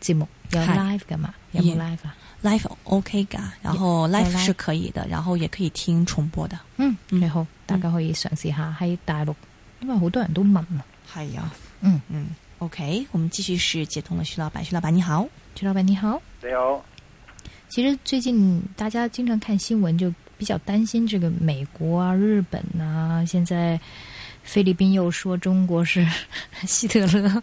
節目有 live 噶嘛？有冇 live 啊？Live OK 噶，然後 live、yeah. 是可以的，然後也可以聽重播的。嗯，最後、嗯、大家可以嘗試下喺大陸，因為好多人都問啊。係啊，嗯嗯，OK，我們繼續是接通了徐老闆，徐老闆你好，徐老闆你好，你好。你好好。其實最近大家經常看新聞，就比較擔心這個美國啊、日本啊，現在菲律賓又說中國是希特勒。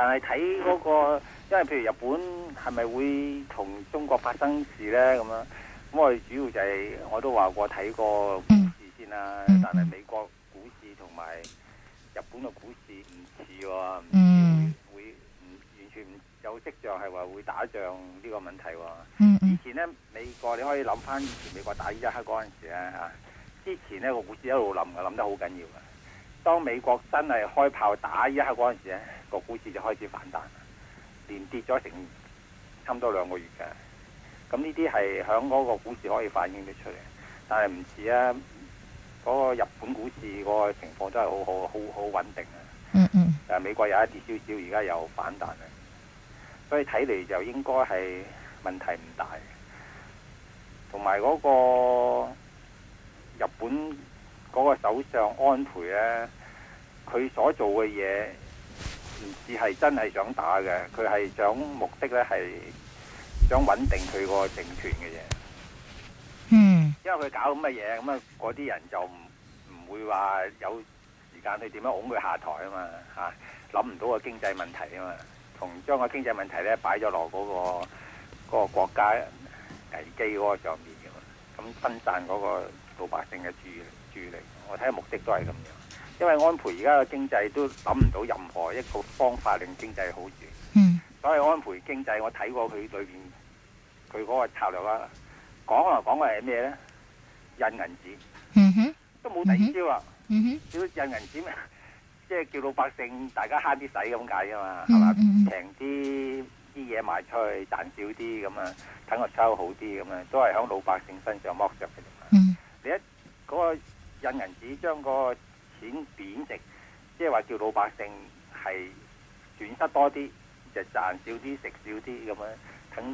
但係睇嗰個，因為譬如日本係咪會同中國發生事呢？咁樣？咁我哋主要就係、是、我都話過睇個股市先啦。嗯、但係美國股市同埋日本嘅股市唔似喎，會完全唔有跡象係話會打仗呢個問題喎。嗯嗯、以前呢，美國你可以諗翻以前美國打伊拉克嗰陣時咧、啊、之前呢個股市一路冧嘅，冧得好緊要嘅。當美國真係開炮打一刻嗰陣時咧，個股市就開始反彈，連跌咗成差唔多兩個月嘅，咁呢啲係響嗰個股市可以反映得出嚟，但係唔似啊嗰個日本股市個情況都係好好好好穩定，mm hmm. 啊，嗯嗯、誒美國有一啲少少而家又反彈啦，所以睇嚟就應該係問題唔大，同埋嗰個日本嗰個首相安倍咧。佢所做嘅嘢唔只係真係想打嘅，佢係想目的咧係想穩定佢個政權嘅啫。嗯。因為佢搞咁嘅嘢，咁啊嗰啲人就唔唔會話有時間去點樣拱佢下台嘛啊嘛吓諗唔到個經濟問題啊嘛，同將個經濟問題咧擺咗落嗰個嗰、嗰個國家危機嗰個上面嘅嘛，咁分散嗰個老百姓嘅注注意力，我睇下目的都係咁樣。因為安倍而家嘅經濟都諗唔到任何一個方法令經濟好轉，嗯、所以安倍經濟我睇過佢裏邊佢嗰個策略啦，講嚟講去係咩咧？印銀紙，嗯、哼，都冇第二招啊、嗯，嗯哼，叫印銀紙咩？即、就、係、是、叫老百姓大家慳啲使咁解啊嘛，係嘛、嗯，平啲啲嘢賣出去賺少啲咁啊，等我抽好啲咁啊，都係響老百姓身上剝削嘅啫，你一嗰、那個印銀紙將個。錢貶值，即係話叫老百姓係損失多啲，就賺少啲，食少啲咁樣，等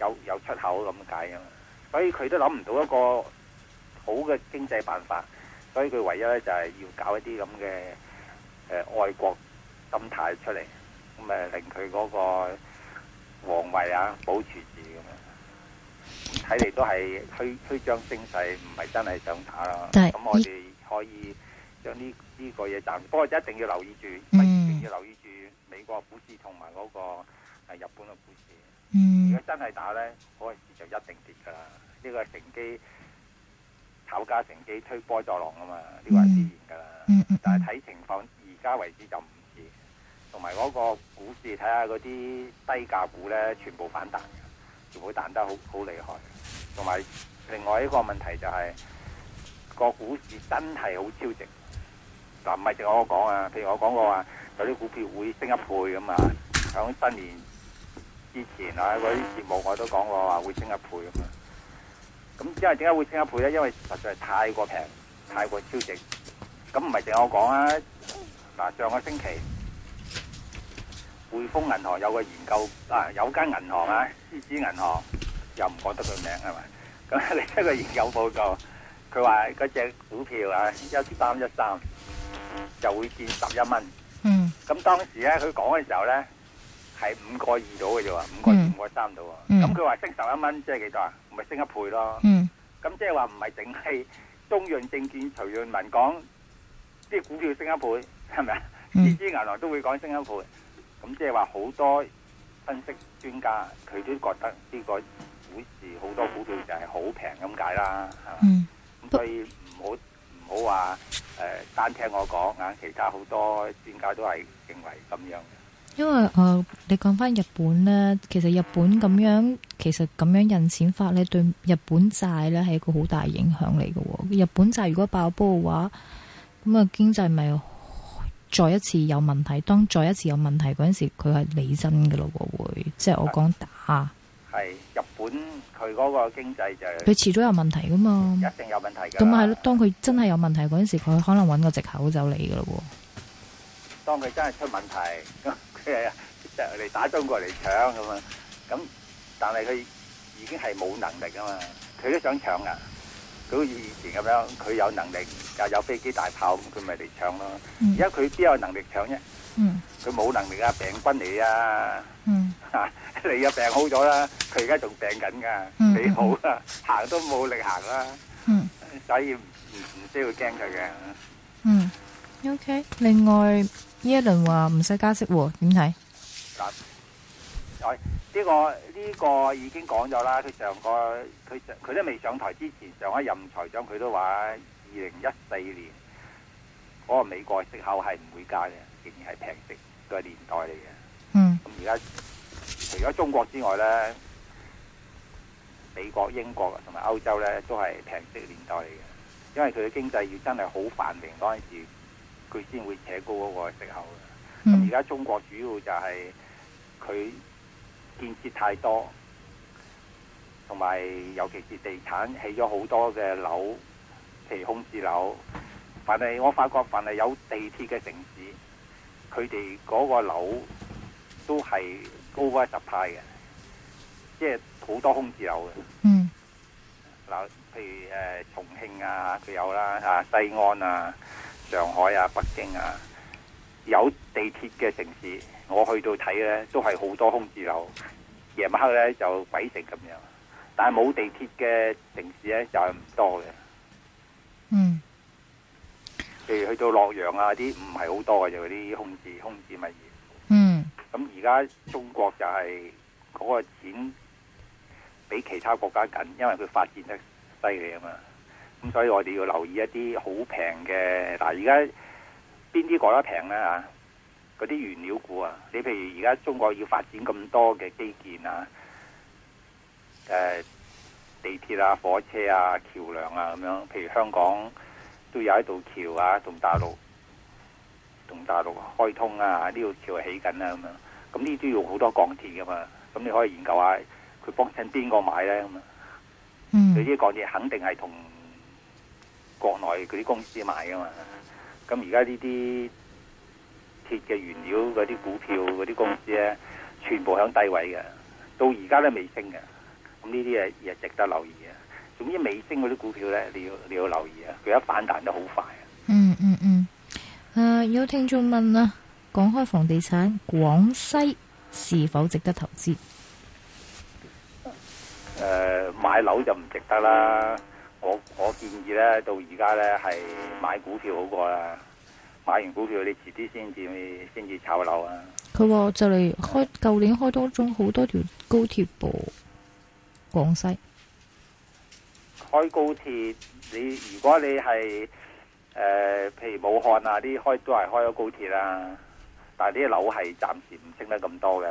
有有出口咁解啊嘛。所以佢都諗唔到一個好嘅經濟辦法，所以佢唯一咧就係、是、要搞一啲咁嘅誒愛國心態出嚟，咁誒令佢嗰個皇位啊保持住咁樣。睇嚟都係虛虛張聲勢，唔係真係想打啦。咁我哋可以。將呢、這、呢個嘢賺、這個，不過一定要留意住，一定、嗯、要留意住美國股市同埋嗰個係日本嘅股市。嗯、如果真係打咧，開、那、始、個、就一定跌噶啦。呢、這個成機炒價成機推波助浪啊嘛，呢、這個係必然噶啦。嗯嗯、但係睇情況，而家為止就唔似。同埋嗰個股市，睇下嗰啲低價股咧，全部反彈，仲會彈得好好厲害。同埋另外一個問題就係、是、個股市真係好超值。嗱，唔係淨係我講啊，譬如我講過話有啲股票會升一倍咁啊，響新年之前啊，嗰啲節目我都講過話會升一倍咁啊。咁因為點解會升一倍咧？因為實在係太過平，太過超值。咁唔係淨係我講啊。嗱，上個星期匯豐銀行有個研究啊，有間銀行啊，獅子銀行又唔講得佢名係咪？咁佢 一個研究報告，佢話嗰隻股票啊，一三一三。就會見十一蚊。嗯。咁當時咧，佢講嘅時候咧，係五個二到嘅啫，話五個二五、嗯、個三到。啊、嗯。咁佢話升十一蚊，即係幾多啊？唔咪升一倍咯。嗯。咁即係話唔係淨係中潤證券徐潤民講啲股票升一倍，係咪？嗯。芝芝銀行都會講升一倍，咁即係話好多分析專家佢都覺得呢個股市好多股票就係好平咁解啦，係嘛？嗯。咁所以唔好。嗯好話、啊、誒，單、呃、聽我講、啊，眼其他好多專家都係認為咁樣。因為誒、呃，你講翻日本咧，其實日本咁樣，嗯、其實咁樣印錢法咧，對日本債咧係一個好大影響嚟嘅、哦。日本債如果爆煲嘅話，咁啊經濟咪再一次有問題。當再一次有問題嗰陣時，佢係理真嘅咯，會即係我講打係。佢嗰個經濟就係佢遲早有問題噶嘛，一定有問題噶。咁咪係咯，當佢真係有問題嗰陣時，佢可能揾個藉口就嚟噶咯。當佢真係出問題，佢係就嚟打中國嚟搶咁啊！咁但係佢已經係冇能力啊嘛，佢都想搶啊！佢以前咁樣，佢有能力又有飛機大炮，咁佢咪嚟搶咯。而家佢邊有能力搶啫？嗯，佢冇能力啊，病菌嚟啊！嗯，吓你又病好咗啦，佢而家仲病緊噶，未好啊，行都冇力行啦。嗯，所以唔唔需要驚佢嘅。嗯，OK。另外，耶倫話唔使加息，點睇？呢個呢個已經講咗啦。佢上個佢上佢都未上台之前，上一任財長佢都話，二零一四年嗰個美國息口係唔會加嘅，仍然係平息嘅年代嚟嘅。嗯，咁而家除咗中國之外咧，美國、英國同埋歐洲咧都係平息年代嚟嘅，因為佢嘅經濟要真係好繁榮嗰陣時，佢先會扯高嗰個息口嘅。咁而家中國主要就係佢建設太多，同埋尤其是地產起咗好多嘅樓，譬如空置樓。凡係我發覺，凡係有地鐵嘅城市，佢哋嗰個樓，都係高於十派嘅，即係好多空置樓嘅。嗯，嗱，譬如誒、呃，重慶啊都有啦，啊西安啊、上海啊、北京啊，有地鐵嘅城市，我去到睇咧，都係好多空置樓，夜晚黑咧就鬼城咁樣。但係冇地鐵嘅城市咧，就係唔多嘅。嗯，譬如去到洛陽啊，啲唔係好多嘅，就嗰啲空置、空置物業。咁而家中國就係嗰個錢比其他國家緊，因為佢發展得犀利啊嘛。咁所以我哋要留意一啲好平嘅，嗱而家邊啲講得平咧嚇？嗰啲原料股啊，你譬如而家中國要發展咁多嘅基建啊，誒、呃、地鐵啊、火車啊、橋梁啊咁樣，譬如香港都有一道橋啊，同大陸。同大陸開通啊，呢個橋起緊啊咁樣，咁呢啲要好多鋼鐵噶嘛，咁你可以研究下佢幫襯邊個買咧咁啊。嗯，嗰啲鋼鐵肯定係同國內嗰啲公司買噶嘛。咁而家呢啲鐵嘅原料嗰啲股票嗰啲公司咧，全部喺低位嘅，到而家都未升嘅。咁呢啲嘢值得留意啊。總之，未升嗰啲股票咧，你要你要留意啊，佢一反彈得好快啊、嗯。嗯嗯嗯。誒，有聽眾問啊，講開房地產，廣西是否值得投資？誒，買樓就唔值得啦，我我建議咧，到而家咧係買股票好過啦。買完股票，你遲啲先至先至炒樓啊。佢話就嚟開，舊年開多咗好多條高鐵噃，廣西開高鐵，你如果你係。誒、呃，譬如武漢啊，啲開都係開咗高鐵啦、啊，但係啲樓係暫時唔升得咁多嘅。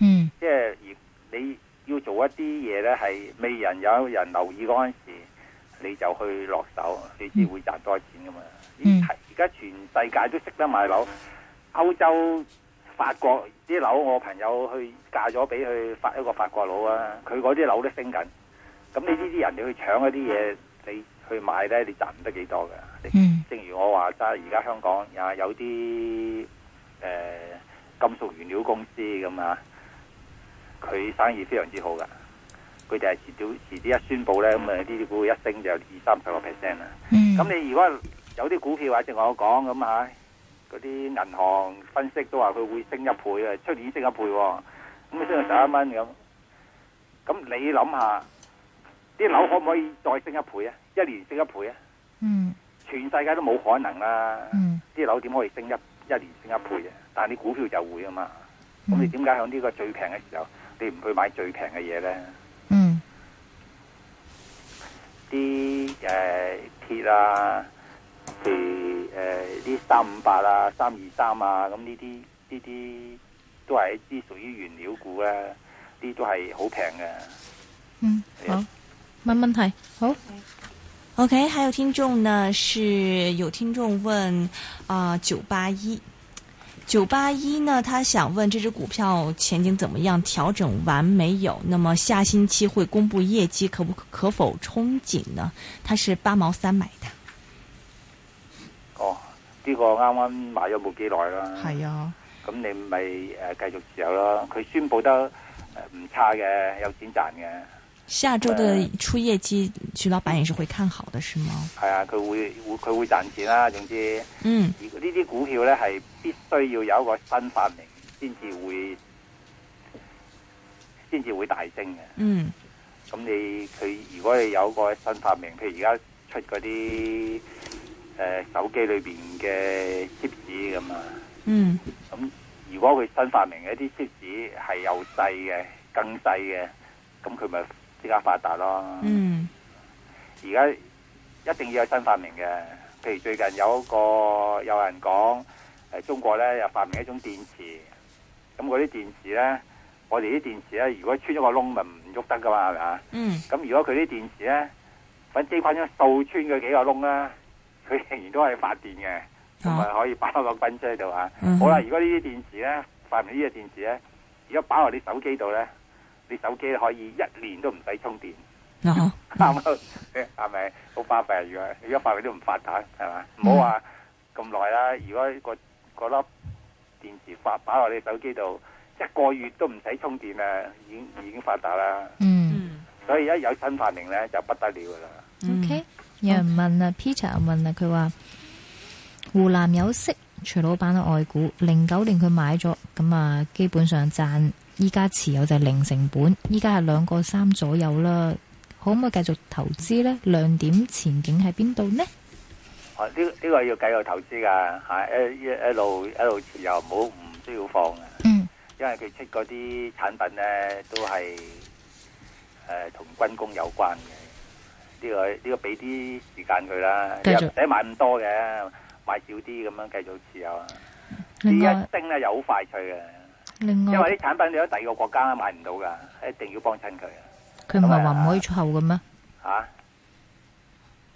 嗯，即係而你要做一啲嘢咧，係未人有人留意嗰陣時，你就去落手，你至會賺多錢㗎嘛。嗯，而家全世界都識得買樓，歐洲法國啲樓，我朋友去嫁咗俾佢法一個法國佬啊，佢嗰啲樓都升緊。咁你呢啲人哋去搶一啲嘢，你？去買咧，你賺唔得幾多噶？嗯、正如我話齋，而家香港也有啲誒、呃、金屬原料公司咁啊，佢生意非常之好噶。佢就係遲早遲啲一宣布咧，咁啊呢啲股票一升就有二三十個 percent 啦。咁、嗯、你如果有啲股票，好似我講咁啊，嗰啲銀行分析都話佢會升一倍啊，出年升一倍，咁升到十一蚊咁。咁你諗下？啲樓可唔可以再升一倍啊？一年升一倍啊？嗯，全世界都冇可能啦。嗯，啲樓點可以升一一年升一倍啊？但係啲股票就會啊嘛。嗯，咁你點解喺呢個最平嘅時候，你唔去買最平嘅嘢咧？嗯，啲誒鐵啊，譬如誒啲三五八啊、三二三啊，咁呢啲呢啲都係一啲屬於原料股咧、啊，呢啲都係好平嘅。嗯，好。問問題好，OK，還有聽眾呢，是有聽眾問啊九八一，九八一呢，他想問這隻股票前景怎麼樣，調整完沒有？那麼下星期會公布業績，可不可否憧憬呢？他是八毛三買的。哦，呢個啱啱買咗冇幾耐啦，係啊，咁你咪誒繼續持有咯，佢宣布得誒唔差嘅，有錢賺嘅。下周的出業績，徐、呃、老闆也是會看好的，是嗎？係啊，佢會會佢會賺錢啦。總之，嗯，呢啲股票咧係必須要有一個新發明，先至會先至會大升嘅。嗯，咁你佢如果你有一個新發明，譬如而家出嗰啲誒手機裏邊嘅貼紙咁啊，嗯，咁如果佢新發明嘅一啲貼紙係有細嘅，更細嘅，咁佢咪？而家發達咯，而家、嗯、一定要有新發明嘅。譬如最近有一個有人講，誒、呃，中國咧又發明一種電池，咁嗰啲電池咧，我哋啲電池咧，如果穿咗個窿咪唔喐得噶嘛，係咪、嗯、啊？啊嗯，咁如果佢啲電池咧，搵激光刀穿佢幾個窿啦，佢仍然都係發電嘅，同埋可以擺落個軍車度啊。好啦，如果呢啲電池咧，發明呢隻電池咧，如果擺落啲手機度咧。你手機可以一年都唔使充電，係咪好發達？如果如果發達都唔發達，係嘛、嗯？唔好話咁耐啦。如果個粒電池發擺落你手機度，一個月都唔使充電啊，已經已經發達啦。嗯，所以一有新發明咧，就不得了㗎啦。嗯、o、okay. K，有人問啊 Peter 又問啦，佢話湖南有色徐老闆嘅外股，零九年佢買咗，咁啊，基本上賺。依家持有就係零成本，依家係兩個三左右啦，可唔可以繼續投資咧？亮點前景喺邊度呢？哦、啊，呢、呢、呢、個呢個要繼續投資噶吓，一一路一路持有，唔好唔需要放啊。嗯。因為佢出嗰啲產品咧，都係誒同軍工有關嘅。呢、呢個呢、呢個俾啲時間佢啦，又唔使買咁多嘅，買少啲咁樣繼續持有啊。呢個升咧又好快脆嘅。另外因為啲產品你喺第二個國家都買唔到噶，一定要幫襯佢。佢唔係話唔可以出口嘅咩？吓、啊，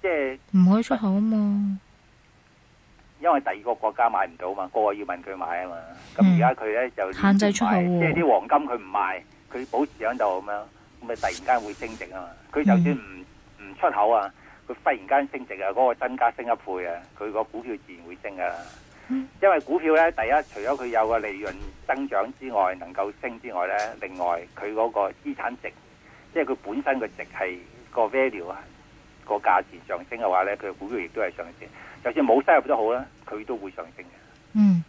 即係唔可以出口啊嘛。因為第二個國家買唔到嘛，個個，個要問佢買啊嘛。咁而家佢咧就限制出口，即係啲黃金佢唔賣，佢保持喺度咁樣，咁咪突然間會升值啊嘛。佢、嗯、就算唔唔出口啊，佢忽然間升值啊，嗰、那個增加升一倍啊，佢個股票自然會升噶啦。嗯、因為股票咧，第一除咗佢有個利潤增長之外，能夠升之外咧，另外佢嗰個資產值，即係佢本身個值係個 value 啊，個價錢上升嘅話咧，佢嘅股票亦都係上升。就算冇收入都好啦，佢都會上升嘅。嗯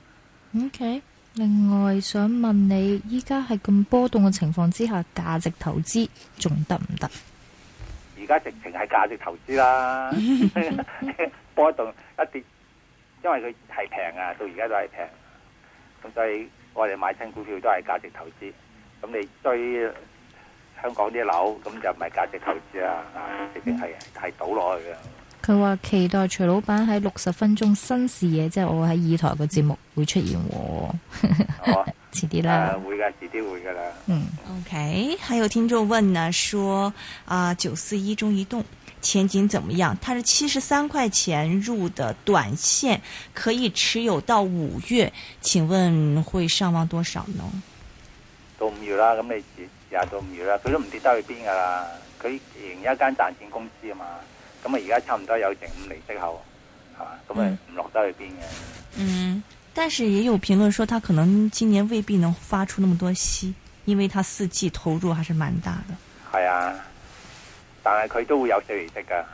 ，OK。另外想問你，依家係咁波動嘅情況之下，價值投資仲得唔得？而家直情係價值投資啦，波動一跌。 因為佢係平啊，到而家都係平，咁所以我哋買親股票都係價值投資。咁你追香港啲樓，咁就唔係價值投資啊，嗯、直情係係倒落去嘅。佢話期待徐老闆喺六十分鐘新視野，即、就、係、是、我喺二台嘅節目會出現。好，遲啲啦，會噶、嗯，遲啲會噶啦。嗯，OK，還有聽眾問啊，說啊、呃，九四一中移動。前景怎麼樣？它是七十三塊錢入的短線，可以持有到五月。請問會上望多少呢？到五月啦，咁你試下到五月啦，佢都唔跌得去邊㗎啦。佢營一間賺錢公司啊嘛，咁啊而家差唔多有成五厘息口，係嘛？咁啊唔落得去邊嘅、嗯。嗯，但是也有評論說，它可能今年未必能發出那麼多息，因為它四季投入還是蠻大的。係啊。但係佢都會有四厘息噶，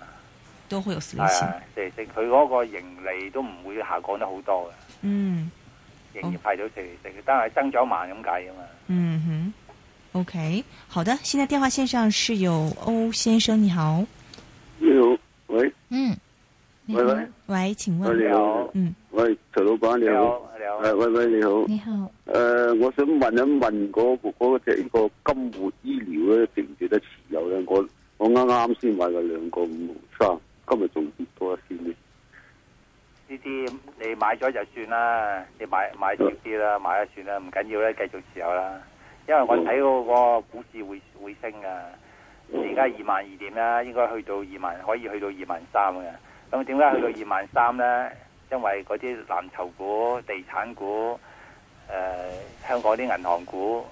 都會有四厘息，佢嗰、哎、個盈利都唔會下降得好多嘅。嗯，盈利派到四厘息，哦、但係增長慢咁計啊嘛。嗯哼，OK，好的，現在電話線上是有歐先生，你好。你好，喂。嗯，喂喂喂，請問你好，嗯，喂，徐老板你好，誒，喂喂你好，你好，誒好、呃，我想問一問嗰個嗰隻個，個，個，個金活醫療咧，值唔值得持有咧？我我啱啱先買咗兩個五毫三，今日仲跌多一先咧。呢啲你買咗就算啦，你買你買,買少啲啦，嗯、買咗算啦，唔緊要咧，繼續持有啦。因為我睇到個股市會會升噶，而家二萬二點啦，應該去到二萬，可以去到二萬三嘅。咁點解去到二萬三咧？嗯、因為嗰啲藍籌股、地產股、誒、呃、香港啲銀行股。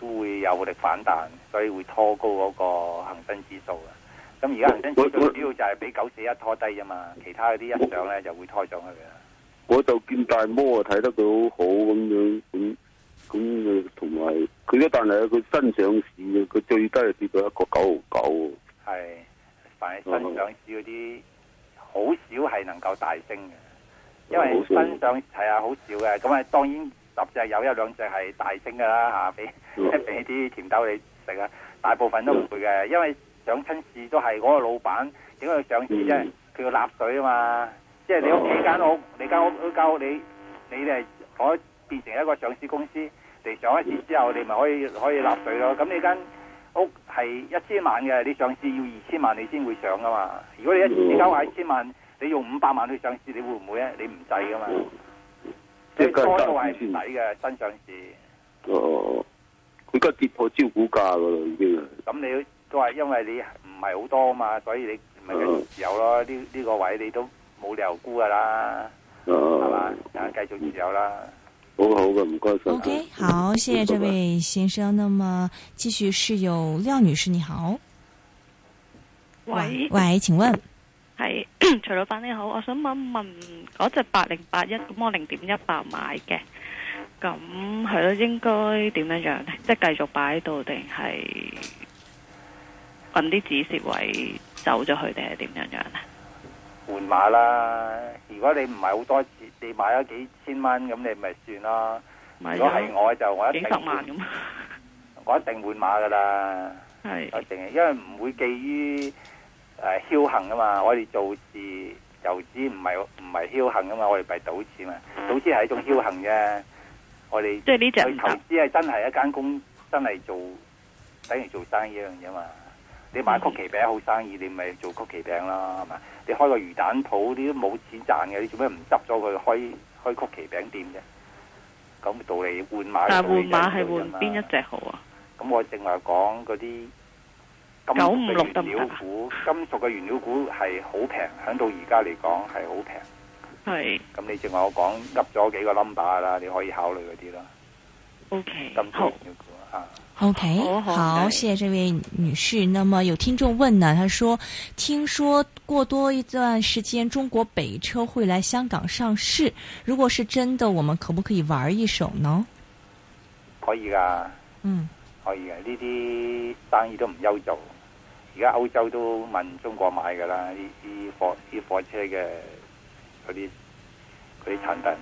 都會有力反彈，所以會拖高嗰個恆生指數啊！咁而家恒生指數主要就係俾九四一拖低啫嘛，其他嗰啲一上咧就會拖上去啊！度就見大摩啊睇得佢好好咁樣，咁咁同埋佢一但係佢新上市，嘅，佢最低係跌到一個九毫九。係，凡係新上市嗰啲，好 少係能夠大升嘅，因為新上係啊好少嘅，咁啊當然。十隻有一兩隻係大升噶啦嚇，俾即俾啲甜豆你食啊！大部分都唔會嘅，因為上親市都係嗰、那個老闆點解要上市啫？佢要納稅啊嘛！即、就、係、是、你屋企間屋，你間屋都屋，你屋你係可變成一個上市公司，你上一次之後你咪可以可以納稅咯。咁你間屋係一千萬嘅，你上市要二千萬你先會上噶嘛？如果你一次交係一千萬，你用五百萬去上市，你會唔會咧？你唔制噶嘛？多都係先底嘅新上市，哦、啊，佢而家跌破招股價㗎啦，已經。咁你都係因為你唔係好多嘛，所以你咪係繼續持有咯。呢呢、啊、個位你都冇理由沽噶啦，係嘛、啊？繼續持有啦。好好嘅，唔該 O K，好，謝謝這位先生。拜拜，那麼繼續是有廖女士，你好。喂喂，請問。係，徐老闆你好，我想問一問嗰隻八零八一，咁我零點一八買嘅，咁係咯，應該點樣樣咧？即係繼續擺喺度定係搵啲止蝕位走咗去定係點樣樣咧？換馬啦！如果你唔係好多錢，你買咗幾千蚊，咁你咪算咯。如果係我就我一定幾十萬，我一定換馬噶啦，係一定，因為唔會寄於。誒、啊，僥倖啊嘛！我哋做事投資唔係唔係僥倖啊嘛！我哋咪賭錢啊，賭錢係一種僥倖啫。嗯、我哋對呢隻投資係真係一間工，真係做等於做生意一樣嘢嘛。你賣曲奇餅好生意，你咪做曲奇餅咯，係嘛？你開個魚蛋鋪，啲都冇錢賺嘅，你做咩唔執咗佢開開曲奇餅店啫？咁道理換馬。但換馬係換邊一隻好啊？咁我淨係講嗰啲。.金屬嘅原料股，金屬嘅原料股係好平，響 到而家嚟講係好平。係， 咁你淨話我講噏咗幾個 number 啦，你可以考慮嗰啲啦。O Okay , K，好。啊、o Okay , K，好，好，好 okay. 謝謝這位女士。那麼有聽眾問呢、啊，他說：聽說過多一段時間，中國北車會來香港上市，如果是真的，我們可不可以玩一手呢？可以噶。嗯。 可以嘅，呢啲生意都唔憂做。而家歐洲都問中國買嘅啦，呢啲火呢啲火車嘅嗰啲嗰啲產品，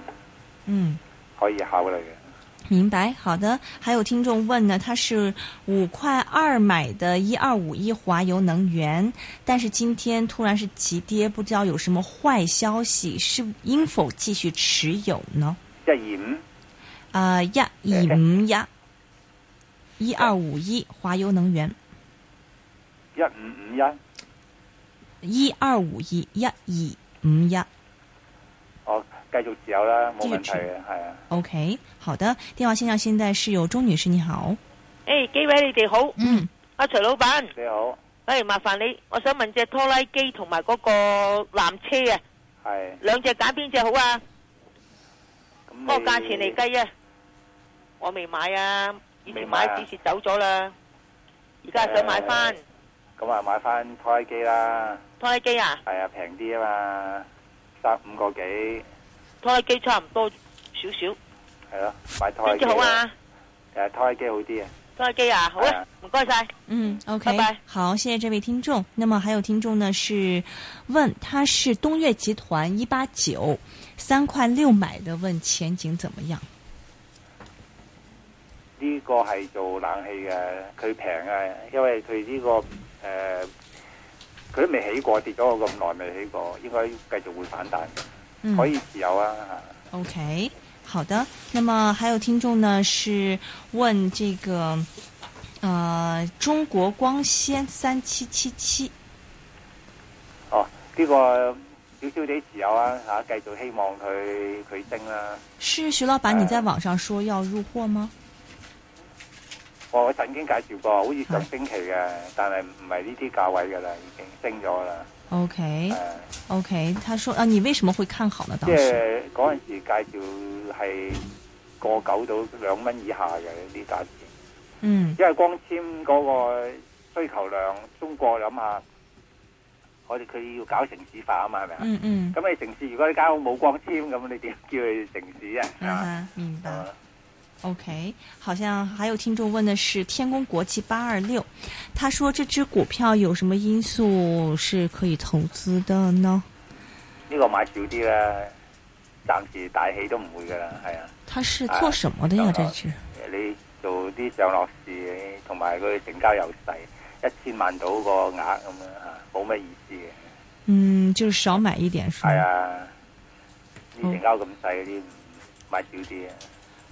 嗯，可以考慮嘅。明白，好的。還有聽眾問呢，他是五塊二買的一二五一華油能源，但是今天突然是急跌，不知道有什麼壞消息，是應否繼續持有呢？一二五，啊，一二五一。一二五一華油能源，一五五一，一二五一一二五一，哦，繼續持有啦，冇問題，係啊。對 o、okay, K，好的，電話線上現在是有鍾女士，你好。誒、hey,，幾位你哋好，嗯，阿 徐老板你好，誒，hey, 麻煩你，我想問隻拖拉機同埋嗰個纜車啊，係，Hey. 兩隻揀邊隻好啊？嗰 Hey. 個價錢嚟計啊，我未買啊。以前買跌蝕、啊、走咗啦，而家想買翻。咁、欸欸嗯、啊，買翻拖拉機啦。拖拉機啊？係啊，平啲啊嘛，三五個幾。拖拉機差唔多少少。係咯、哎，買拖拉機。好啊。誒、哎呀，拖拉機好啲啊。拖拉機啊，好，啊，唔該晒。嗯，OK，拜拜。好，謝謝這位聽眾。那麼還有聽眾呢，是問他是東岳集團一八九，三塊六買的，問前景怎麼樣？呢個係做冷氣嘅，佢平嘅，因為佢呢、這個誒，佢都未起過，跌咗咁耐未起過，應該繼續會反彈，嗯、可以持有啊。OK，好的。那麼還有聽眾呢，是問這個，誒、呃，中國光纖三七七七。哦，呢、這個少少啲持有啊，吓、啊，繼續希望佢佢升啦。啊、是徐老闆，你在、呃、網上說要入貨嗎？我曾經介紹過，好似上星期嘅，啊、但係唔係呢啲價位嘅啦，已經升咗啦。OK，OK，Okay,、呃 okay. 他說啊，你為什麼會看好了？當時即係嗰陣時介紹係過九到兩蚊以下嘅呢啲價錢。嗯，因為光纖嗰個需求量，中國諗下，我哋佢要搞城市化啊嘛，係咪啊？嗯嗯。咁你城市如果你街屋冇光纖，咁你點叫佢城市啊？啊、嗯，明白。明白 OK，好像還有聽眾問的是天工國際八二六，他說這隻股票有什麼因素是可以投資的呢？呢個買少啲啦，暫時大起都唔會噶啦，係啊。他是做什麼的呀？這隻、哎呀？落你做啲上落市，同埋佢成交又細，一千萬到個額咁樣，冇咩意思嘅。嗯，就是、少買一點，是。係啊，啲成交咁細啲，買少啲啊。嗯